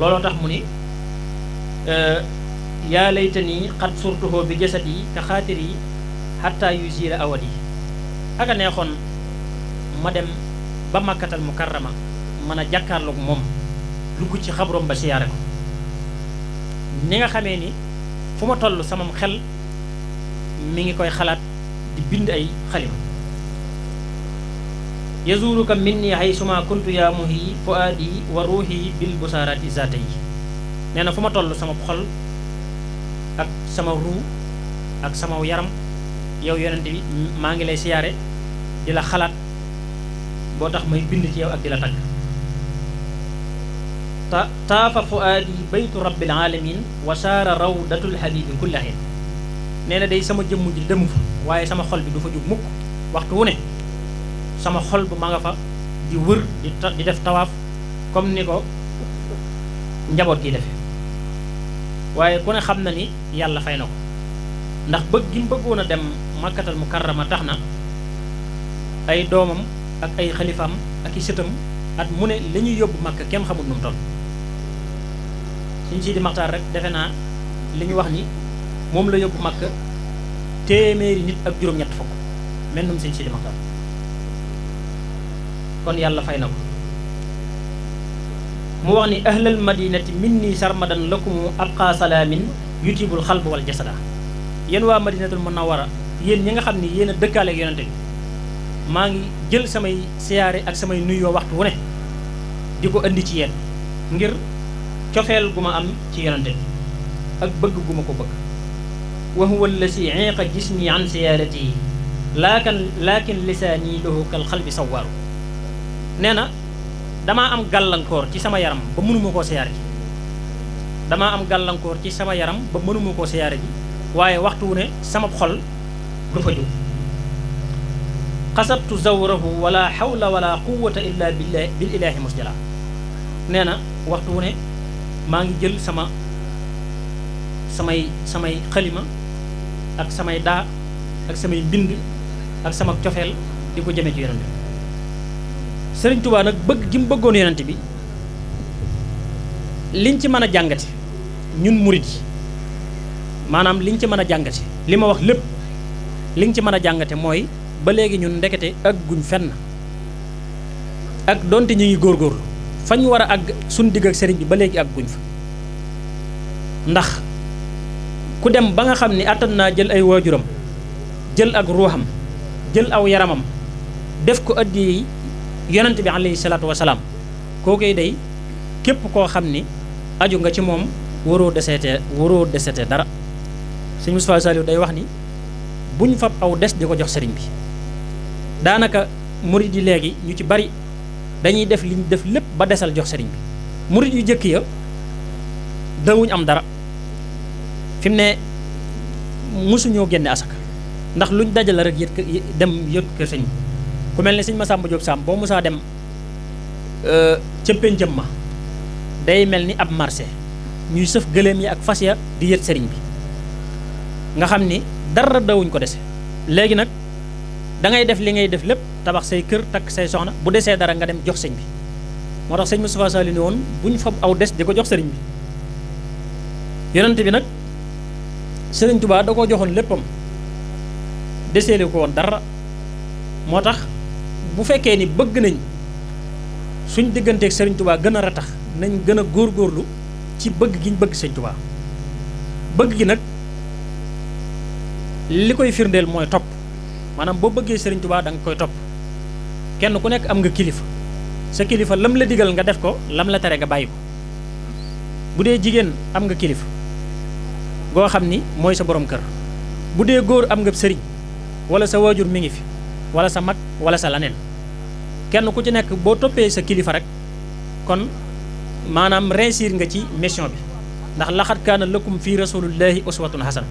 looloo tax mu ni euh, yaa laytani xat surtuhoo bi jasat yi ka xaatir yi xatta yu ziira awat yi ak a neexoon ma dem ba makkatal mukarrama mën a jàkkaarloog moom lugg ci xabrom ba siyaare ko ni nga xamee ni fu ma toll sama xel mi ngi koy xalaat di bind ay xalima yazuruka minni haysuma kuntu yaa muhi fuaadi wa ruuhi bil busaarati zaata yi nee na fu ma toll sama xol ak sama ruu ak sama yaram yow yonent bi maa ngi lay siyaare di la xalaat boo tax may bind ci yow ak di la tagg taafa fuaadi baytu rabbil alamin wa saara rawdatul habibi kulli hin nee na day sama jëmm ji demu fa waaye sama xol bi du fa jóg mukk waxtu wu ne sama xol bu ma nga fa di wër di def tawaaf comme ni ko njaboot gi defe waaye ku ne xam na ni yàlla fay na ko ndax bëgg gi mu bëggoon a dem makkatal mukarrama tax na ay doomam ak ay xalifaam ak i sëtam at mu ne la ñuy yóbbu makka kenn xamul nu toll suñ siy di maxtaar rek defe naa li ñu wax ni moom la yóbbu Makka téeméeri nit ak juróom-ñett fukk mel num sëñ Sidi Maxtar kon yàlla fay na ko mu wax ni ahlal madinati minni sarmadan lakumu abqa salaamin yutibul xalb wal jasada yéen waa madinatul munawara yéen ñi nga xam ni yéen a dëkkaale ak yonante bi maa ngi jël samay siyaare ak samay nuyoo waxtu wu ne di ko indi ci yéen ngir cofeel gu ma am ci yonante bi ak bëgg gu ma ko bëgg wa huwa allasi iqa jismi an siyaaratihi laakan laakin lisaani lahu kal xalbi sawaaru nee na damaa am gàllankoor ci sama yaram ba mënuma koo siyaare ji damaa am gàllankoor ci sama yaram ba mënuma koo siyaare ji waaye waxtu wu ne sama xol du fa jóg xasabtu zawrahu wala xawla wala quwata illa bil ilaahi musjala nee na waxtu wu ne maa ngi jël sama samay samay xalima ak samay daa ak samay mbind ak sama cofeel di ko jëmee ci yonent bi sëriñ Tuubaa nag bëgg gi mu bëggoon yonent bi liñ ci mën a jàngate ñun murid yi maanaam liñ ci mën a jàngate li ma wax lépp liñ ci mën a jàngate mooy ba léegi ñun ndekete ak guñ fenn ak donte ñi ngi góorgóorlu fañ war a àgg suñ digg ak sëriñ bi ba léegi àgguñ fa ndax ku dem ba nga xam ni attan naa jël ay waajuram jël ak ruuxam jël aw yaramam def ko addi yonent bi alayhi salaatu wasalaam kookoy day képp koo xam ni aju nga ci moom waroo deseete waroo deseete dara suñu Moustapha Saliou day wax ni buñ fab aw des di ko jox sëriñ bi daanaka murid yi léegi ñu ci bari dañuy def li ñu def lépp ba desal jox sëriñ bi murit yu jëkk ya dawuñ am dara fi mu ne mosuñoo génne asaka ndax luñ dajale rek yët dem yët kër sëñ bi ku mel ne sëñ Masamba Diop Samb boo mosaa dem euh, ca péncam ma day mel ni ab marché ñuy sëf gëléem yi ak fas ya di yët sëriñ bi nga xam ni dara dawuñ ko dese léegi nag da ngay def li ngay def lépp tabax say kër takk say soxna bu desee dara nga dem jox sëñ bi moo tax sëñ Moustapha Sall ne woon bu ñu fab aw des di ko jox sëriñ bi yonent bi nag sëriñ tubaa da koo joxoon léppam deseeli ko woon dara moo tax bu fekkee ni bëgg nañ suñ digganteeg sëriñ tubaa gën a ratax nañ gën a góor góorlu ci bëgg gi bëgg sëriñ Touba bëgg gi nag li koy firndeel mooy topp maanaam boo bëggee Serigne Touba da koy topp kenn ku nekk am nga kilifa sa kilifa lam la digal nga def ko lam la tere nga bàyyi ko bu dee jigéen am nga kilifa goo xam ni mooy sa boroom kër bu dee góor am nga sëriñ wala sa waajur mi ngi fi wala sa mag wala sa laneen kenn ku ci nekk boo toppee sa kilifa rek kon maanaam réussir nga ci mission bi ndax laxat kaana lakum fii rasulillahi uswatun hasana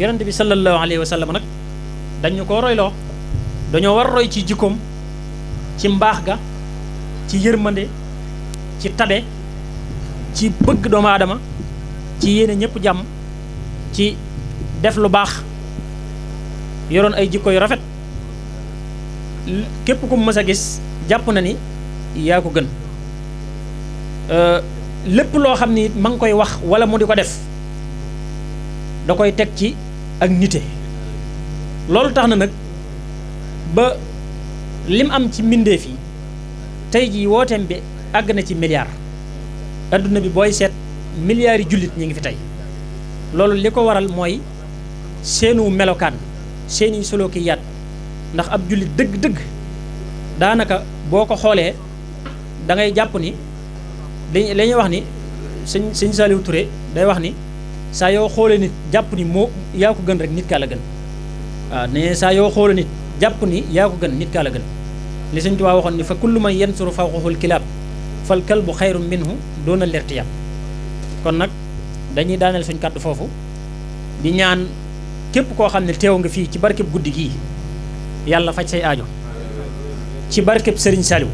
yonente bi sallallahu alayhi wa sallam nag dañu ko royloo dañoo war roy ci jikkoom ci mbaax ga ci yërmande ci tabe ci bëgg doomu aadama ci yéene ñëpp jàmm ci def lu baax yoroon ay jikko yu rafet képp ku mës a gis jàpp na ni yaa ko gën euh, lépp loo xam ni ma ngi koy wax wala mu di ko def da koy teg ci ak nite loolu tax na nag ba lim am ci mbindeef yi tey jii wooteem bi àgg na ci milliard àdduna bi booy seet milliards yi jullit ñi ngi fi tey loolu li ko waral mooy seenu melokaan seeni solo ki yaat ndax ab jullit dëgg-dëgg daanaka boo ko xoolee dangay jàpp ni li lañuy wax ni sëñ sëñ Saliou Touré day wax ni saa yoo xoolee nit jàpp ni moo yaa ko gën rek nit kaa la gën. waaw ne saa yoo xoola nit jàpp ni yaa ko gën nit kaa la gën li Sëñ Tuubaa waxoon ni fa kullu man yansuru fawqahul kilaab fal kalbu xayrun minhu doona lertiyaab kon nag dañuy daaneel suñ kàddu foofu di ñaan képp koo xam ne teew nga fii ci barkeb guddi gii yàlla faj say aajo ci barkeb sëriñ Saliou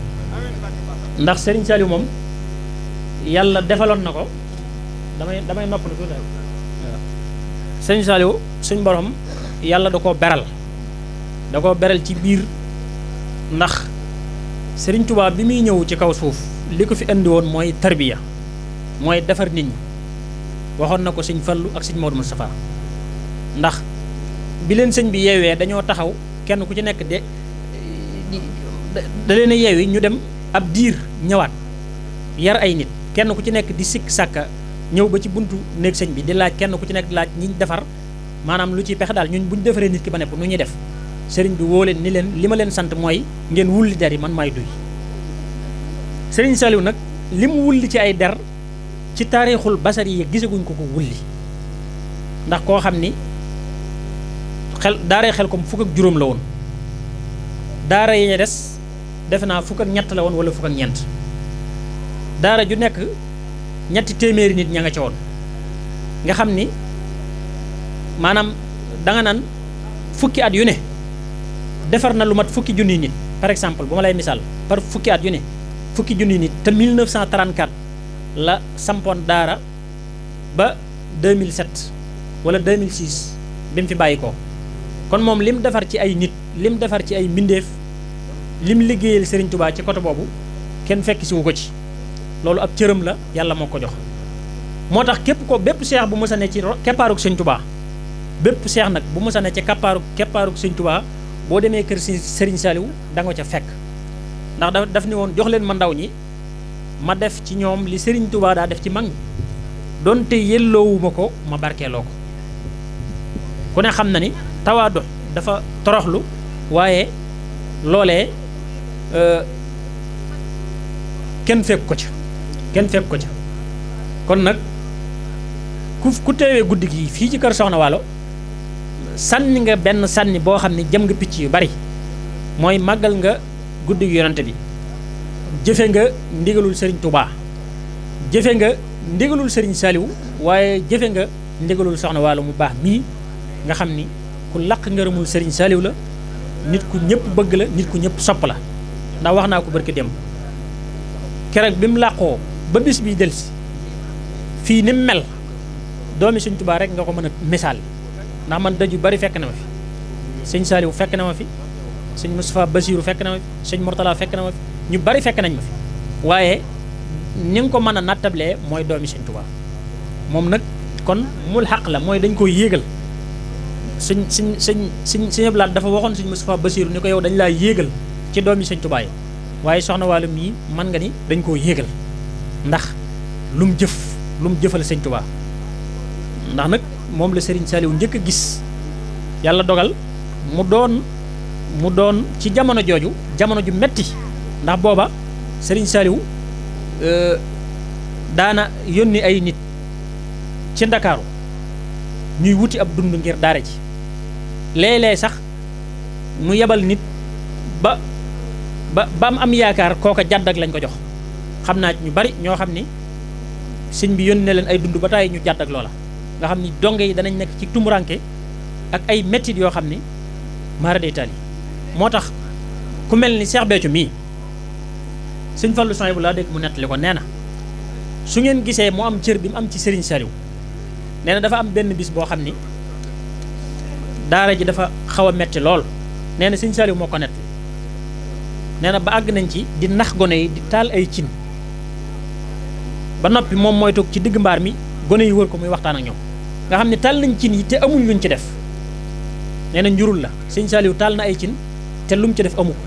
ndax Serigne Saliou moom yàlla defaloon na ko damay damay nopp lu tuuti waaw Serigne suñ borom yàlla da koo beral da koo beral ci biir ndax Serigne tubaab bi muy ñëw ci kaw suuf li ko fi indi woon mooy tarbiya mooy defar nit ñi waxoon na ko sëñ Fallu ak sëñ Maodo Moustapha ndax bi leen sëñ bi yeewee dañoo taxaw kenn ku ci nekk de da leen a yeewi ñu dem ab diir ñëwaat yar ay nit kenn ku ci nekk di sikk sàkka ñëw ba ci buntu néeg sëñ bi di laaj kenn ku ci nekk di laaj ñi defar maanaam lu ciy pexe daal ñun bu ñu defaree nit ki ba nepp nu ñuy def sëriñ bi woo leen ni leen li ma leen sant mooy ngeen wulli der yi man maay duy sëriñ Saliou nag li mu wulli ci ay der ci taarixul basar yi gisaguñ ko ko wulli ndax koo xam ni xel daaree xel ko kom fukk ak juróom la woon daara yi des defe naa fukk ak ñett la woon wala fukk ak ñeent daara ju nekk ñetti téeméeri nit ña nga ca woon nga xam ni maanaam danga naan fukki at yu ne defar na lu mat fukki junniy nit par exemple bu ma lay misaal par fukki at yu ne fukki junni nit te 1934 la sampoon daara ba 2007 wala 2006 bi mu fi bàyyi ko kon moom li mu defar ci ay nit li mu defar ci ay mbindeef li lim liggéeyal Serigne Touba ci côté boobu kenn fekk siwu ko ci loolu ab cëram la yàlla moo ko jox moo tax képp ko bépp seex bu mës a ne ci keppaaru Serigne Touba. bépp seex nag bu mos a ne ci kappaaru keppaaruk sëñ boo demee kër sëriñ Saliou da nga ca fekk ndax da daf ne woon jox leen ma ndaw ñi ma def ci ñoom li sëriñ Tuubaa daa def ci mag ñi donte yelloowuma ko ma barkeeloo ko ku ne xam na ni tawaadu dafa toroxlu waaye loolee euh, kenn fekk ko ca kenn fekk ko ca kon nag ku ku teewee guddi gi fii ci kër Soxna Waalo sànni nga benn sànni boo xam ne jëm nga picc yu bari mooy màggal nga guddi gu yonante bi jëfe nga ndigalul sëriñ Touba jëfe nga ndigalul sëriñ Saliou waaye jëfe nga ndigalul soxna wàllu mu baax mii nga xam ni ku laq ngërëmul sëriñ Saliou la nit ku ñëpp bëgg la nit ku ñëpp sopp la ndax wax naa ko barki démb keroog bi mu làqoo ba bis bii delsi fii ni mel doomi sëriñ Touba rek nga ko mën a misaal ndax man dëj yu bari fekk na ma fi sëñ Saliou fekk na ma fi sëñ Moustapha Basirou fekk na ma fi sëñ Mourtala fekk na ñu bari fekk nañ ma fi waaye ni ko mën a nattablee mooy doomi sëñ Touba moom nag kon mul xaq la mooy dañ koy yéegal sëñ sëñ sëñ sëñ sëñ Ablaat dafa waxoon sëñ Moustapha Basirou ni ko yow dañ laa yéegal ci doomi sëñ Touba yi waaye soxna wàllum yi man nga ni dañ koo yéegal ndax lum jëf lum jëfal sëñ Touba ndax nag moom la Serigne Saliou njëkk a gis yàlla dogal mu doon mu doon ci jamono jooju jamono ju metti ndax booba Serigne Saliou euh, daana yónni ay nit ci Ndakaaru ñuy wuti ab dund ngir daara ji léeg-léeg sax mu yebal nit ba ba ba am am yaakaar kooka jàdd ak lañ ko jox xam naa ñu bari ñoo xam ni sëñ bi yónni na leen ay dund ba tàyyi ñu jàdd ak loola nga xam ni donge yi danañ nekk ci tumuranke ak ay méttit yoo xam ni mara day yi moo tax ku mel ni Cheikh Béthio mii sëñ Fallou Sany bu laa dëkk mu nettali ko nee na su ngeen gisee mu am cër bi mu am ci Serigne Saliou nee na dafa am benn bis boo xam ni daara ji dafa xaw a metti lool nee na Serigne Saliou moo ko nettali nee na ba àgg nañ ci di nax gone yi di taal ay cin ba noppi moom mooy toog ci diggu mbaar mi gone yi wër ko muy waxtaan ak ñoom. nga xam ne taal nañ cin yi te amuñ luñ ci def nee na njurul la sëñ Saliou taal na ay cin te lu mu ci def amu ko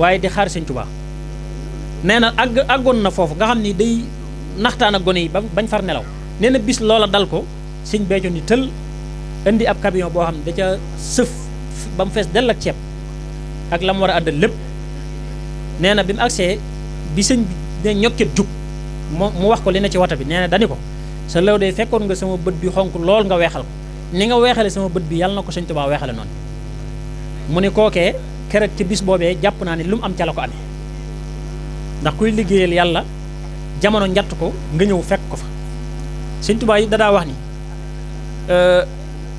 waaye di xaar sëñ Tuubaa nee na àgg àggoon na foofu nga xam ni day naxtaan ak gone yi ba bañ far nelaw nee na bis loola dal ko sëñ Béthio ni tël indi ab camion boo xam ne da ca sëf ba mu fees dell ak ceeb ak la mu war a àddal lépp nee na bi mu agsee bi sëñ bi ne ñokkee jub mu wax ko li ne ci wata bi nee na ko sa law de fekkoon nga sama bët bi xonk lool nga weexal ko ni nga weexale sama bët bi yàlla na ko sëñ Tuubaa weexale noonu mu ne kookee keroog ci bis boobee jàpp naa ne lu mu am ca la ko amee ndax kuy liggéeyal yàlla jamono njatt ko nga ñëw fekk ko fa sëñ yi dadaa wax ni euh,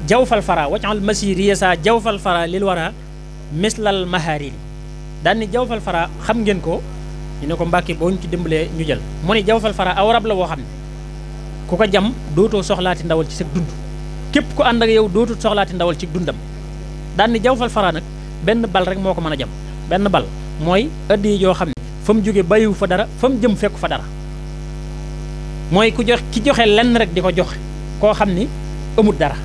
jawfal fara wacaal masir yesa jawfal fara lil wara mislal mahariri daan ni jawfal fara xam ngeen ko ñu ne ko mbàkki boo ñu ci dimbalee ñu jël mu ne jawfal fara aw la boo xam ne ku ko jam dootoo soxlaati ndawal ci sa dund képp ku ànd ak yow dootul soxlaati ndawal ci dundam daan ni jawfal faraa nag benn bal rek moo ko mën a jam benn bal mooy addi yoo xam ne fa mu jóge bàyyiwu fa dara fa mu jëm fekku fa dara mooy ku jox ki joxe lenn rek di ko jox koo xam ni amut dara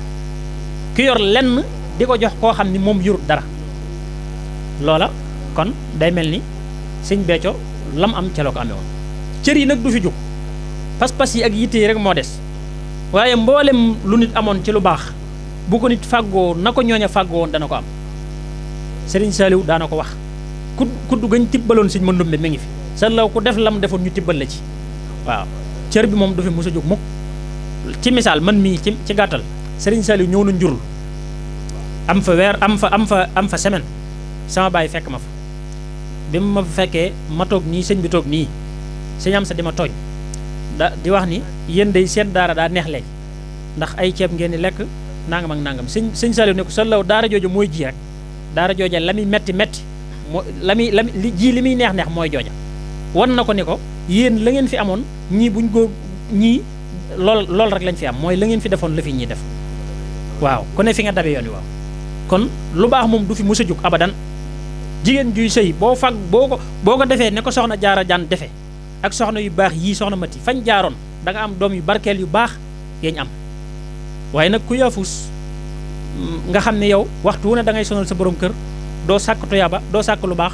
ki yor lenn di ko jox koo xam ni moom yorut dara loola kon day mel ni sëñ Béthio lam am ca la ko amee cër yi nag du fi jóg pas-pas yi ak yitte yi rek moo des waaye mboolem lu nit amoon ci lu baax bu ko nit fàggoo na ko ñooña fàggoo woon dana ko am Serigne Saliou daana ko wax ku kudd gañ tibbaloon sëñ ma ndumbe mi ngi fi seetlaw ku def lam defoon ñu tibbal la ci waaw cër bi moom du fi mos a jóg mukk ci misaal man mii ci ci gàttal Serigne Saliou ñëw na njurul am fa weer am fa am fa am fa semaine sama baay fekk ma fa bi ma fekkee matoog toog nii sëñ bi toog nii sëñ am sa di ma tooñ da di wax ni yéen day seen daara daa neex léegi ndax ay ceeb ngeen di lekk nangam ak nangam sëñ sëñ Saliou ne ko sa daara jooja mooy ji rek daara jooja la muy metti metti moo la muy la li ji li muy neex neex mooy jooja wan na ko ni ko yéen la ngeen fi amoon ñii buñ ko ñii lool lool rek lañ fi am mooy la ngeen fi defoon la fi ñii def waaw ku ne fi nga dabe yoon wi waaw kon lu baax moom du fi mës a jóg abadan jigéen juy sëy boo fag boo ko boo ko defee ne ko soxna jaara jaan defee ak soxna yu baax yii soxna mati fañ jaaroon danga am doom yu barkeel yu baax yañ am waaye nag ku yaafus nga xam ne yow waxtu wu ne da ngay sonal sa borom kër doo sàkk tuyaaba doo sàkk lu baax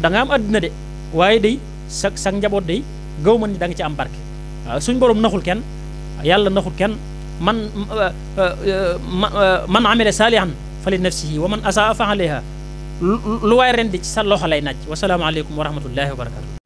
danga am àddina de waaye day sa sa njaboot day gawma ni da nga ci am barke waaw suñ borom naxul kenn yàlla naxul kenn man man amila saalihan fa li nafsihi wa man asaa fa alayha lu waay rendi ci sa loxo lay naaj wasalaamu aleykum wa rahmatullahi wa